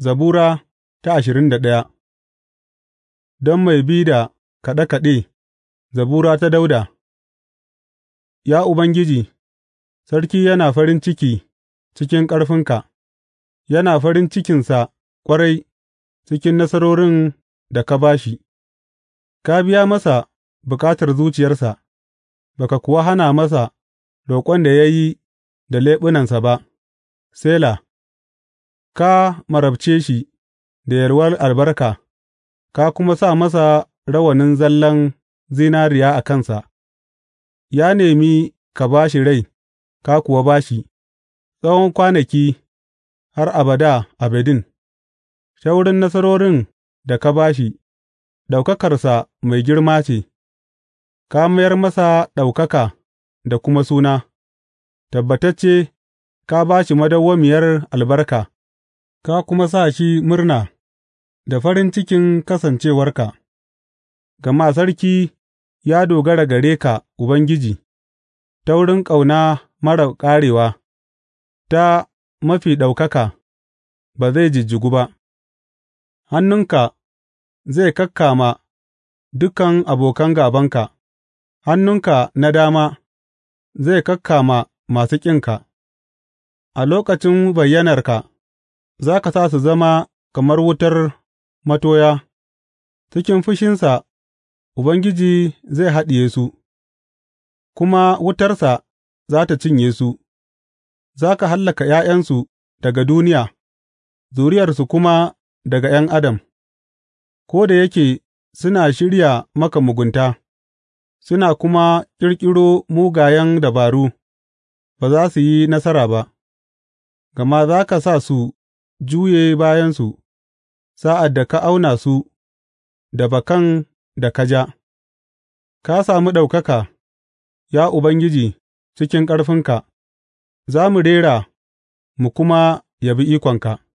Zabura ta ashirin da ɗaya. Don mai bi da kaɗe kaɗe Zabura ta Dauda. Ya Ubangiji, sarki yana farin ciki cikin ƙarfinka, yana farin cikinsa ƙwarai cikin nasarorin da ka ba shi; ka biya masa bukatar zuciyarsa, ba ka kuwa hana masa roƙon da ya yi da leɓunansa ba. Sela Ka marabce shi da yalwar albarka ka kuma sa masa rawanin zallan zinariya a kansa; ya nemi ka ba shi rai, ka kuwa ba shi, tsawon kwanaki har abada abadin, ta wurin nasarorin da ka ba shi, ɗaukakarsa mai girma ce, ka mayar masa ɗaukaka da kuma suna; tabbatacce ka ba shi madawwamiyar albarka. ka kuma sa shi murna da farin cikin kasancewarka, gama sarki ya dogara gare ka, Ubangiji, ta wurin ƙauna marar ƙarewa, ta mafi ɗaukaka, ba zai jijjigu ba, hannunka zai kakkama dukan abokan gābanka, hannunka na dama zai kakkama masu ƙinka, a lokacin bayyanarka. za ka sa su zama kamar wutar matoya, cikin fushinsa Ubangiji zai haɗiye su, kuma wutarsa za ta cinye su, za ka hallaka ’ya'yansu daga duniya, zuriyarsu kuma daga ’yan adam, ko da yake suna shirya maka mugunta, suna kuma ƙirƙiro mugayen dabaru, ba za su yi nasara ba, gama za ka sa su juye bayansu sa'ad da ka auna su da bakan da ka ja; ka sami ɗaukaka, ya Ubangiji, cikin ƙarfinka; za mu rera mu kuma yabi ikonka.